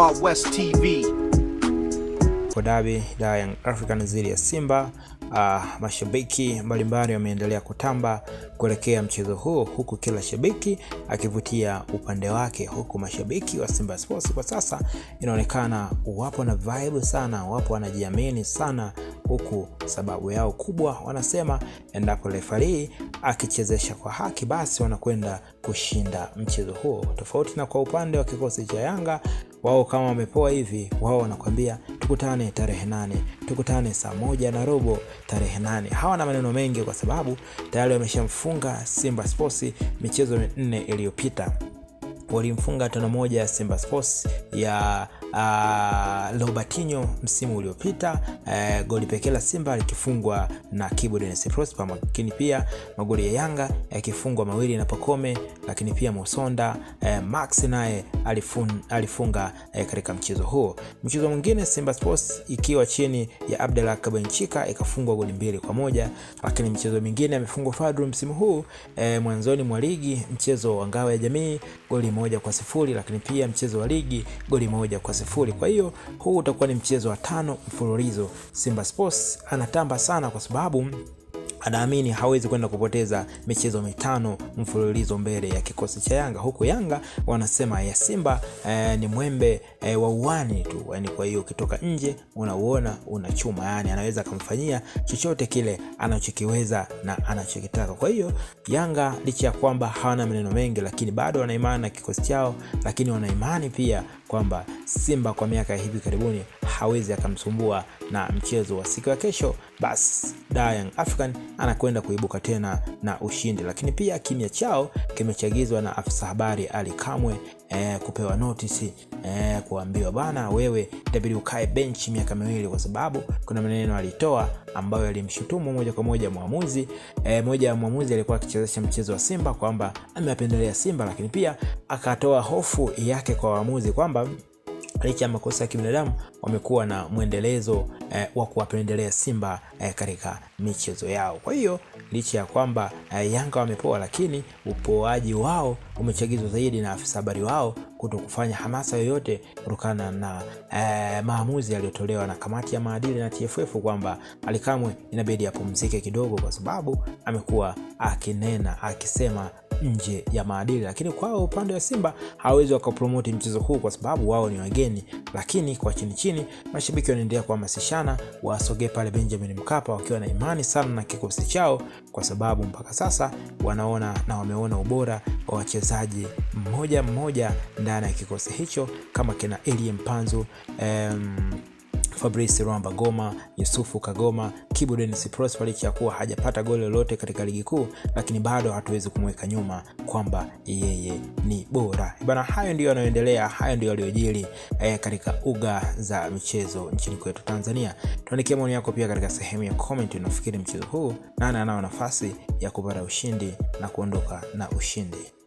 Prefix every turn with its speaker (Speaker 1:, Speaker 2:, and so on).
Speaker 1: Wild West TV. Kwa dabi da Young African dhidi ya Simba, uh, mashabiki mbalimbali wameendelea kutamba kuelekea mchezo huo, huku kila shabiki akivutia upande wake, huku mashabiki wa Simba Sports kwa sasa inaonekana wapo na vibe sana, wapo wanajiamini sana, huku sababu yao kubwa wanasema endapo refari akichezesha kwa haki, basi wanakwenda kushinda mchezo huo, tofauti na kwa upande wa kikosi cha Yanga wao kama wamepoa hivi, wao wanakwambia tukutane tarehe nane, tukutane saa moja na robo tarehe nane. hawa na maneno mengi, kwa sababu tayari wameshamfunga Simba Sports michezo minne iliyopita walimfunga tano moja Simba Sports ya uh, ah, Robertinho msimu uliopita uh, goli pekee la Simba likifungwa na Kibu Denis Prosper, lakini pia magoli ya Yanga yakifungwa mawili na Pakome, lakini pia Musonda uh, eh, Max naye alifun, alifunga uh, katika mchezo huo. Mchezo mwingine Simba Sports ikiwa chini ya Abdallah Kabenchika ikafungwa goli mbili kwa moja, lakini mchezo mwingine amefungwa Fadru msimu huu uh, mwanzoni mwa ligi mchezo wa ngao ya jamii goli moja kwa sifuri, lakini pia mchezo wa ligi goli moja kwa sifuri. Kwa hiyo huu utakuwa ni mchezo wa tano mfululizo. Simba Sports anatamba sana kwa sababu anaamini hawezi kwenda kupoteza michezo mitano mfululizo mbele ya kikosi cha Yanga, huku Yanga wanasema ya Simba eh, ni mwembe eh, wa uwani tu yani. Kwa hiyo ukitoka nje unauona una chuma, yani anaweza akamfanyia chochote kile anachokiweza na anachokitaka. Kwa hiyo Yanga licha ya kwamba hawana maneno mengi, lakini bado wanaimani na kikosi chao, lakini wanaimani pia kwamba Simba kwa miaka hivi karibuni hawezi akamsumbua na mchezo wa siku ya kesho, basi dayan African anakwenda kuibuka tena na ushindi. Lakini pia kimya chao kimechagizwa na afisa habari Ali Kamwe eh, kupewa notisi eh, kuambiwa bana, wewe itabidi ukae benchi miaka miwili, kwa sababu kuna maneno alitoa ambayo alimshutumu moja kwa moja mwamuzi eh, moja ya mwamuzi alikuwa akichezesha mchezo wa Simba kwamba amewapendelea Simba, lakini pia akatoa hofu yake kwa waamuzi kwamba licha ya makosa ya kibinadamu wamekuwa na mwendelezo eh, wa kuwapendelea Simba eh, katika michezo yao. Kwa hiyo licha ya kwamba eh, Yanga wamepoa, lakini upoaji wao umechagizwa zaidi na afisa habari wao kuto kufanya hamasa yoyote kutokana na eh, maamuzi yaliyotolewa na kamati ya maadili na TFF kwamba Alikamwe inabidi apumzike kidogo, kwa sababu amekuwa akinena akisema nje ya maadili, lakini kwao upande wa Simba hawawezi wakapromoti mchezo huu kwa sababu wao ni wageni. Lakini kwa chini chini, mashabiki wanaendelea kuhamasishana wasogee pale Benjamin Mkapa wakiwa na imani sana na kikosi chao, kwa sababu mpaka sasa wanaona na wameona ubora wa wachezaji mmoja mmoja ndani ya kikosi hicho kama kina Elie Mpanzu um, Fabrice Rwamba Goma, Yusufu Kagoma, Kibu Prosper ya kuwa hajapata goli lolote katika ligi kuu, lakini bado hatuwezi kumweka nyuma kwamba yeye ni bora. Bana, hayo ndiyo yanayoendelea, hayo ndiyo yaliyojiri eh, katika uga za michezo nchini kwetu Tanzania. Tuandikie maoni yako pia katika sehemu ya comment. Unafikiri mchezo huu nani anao nafasi ya kupata ushindi na kuondoka na ushindi?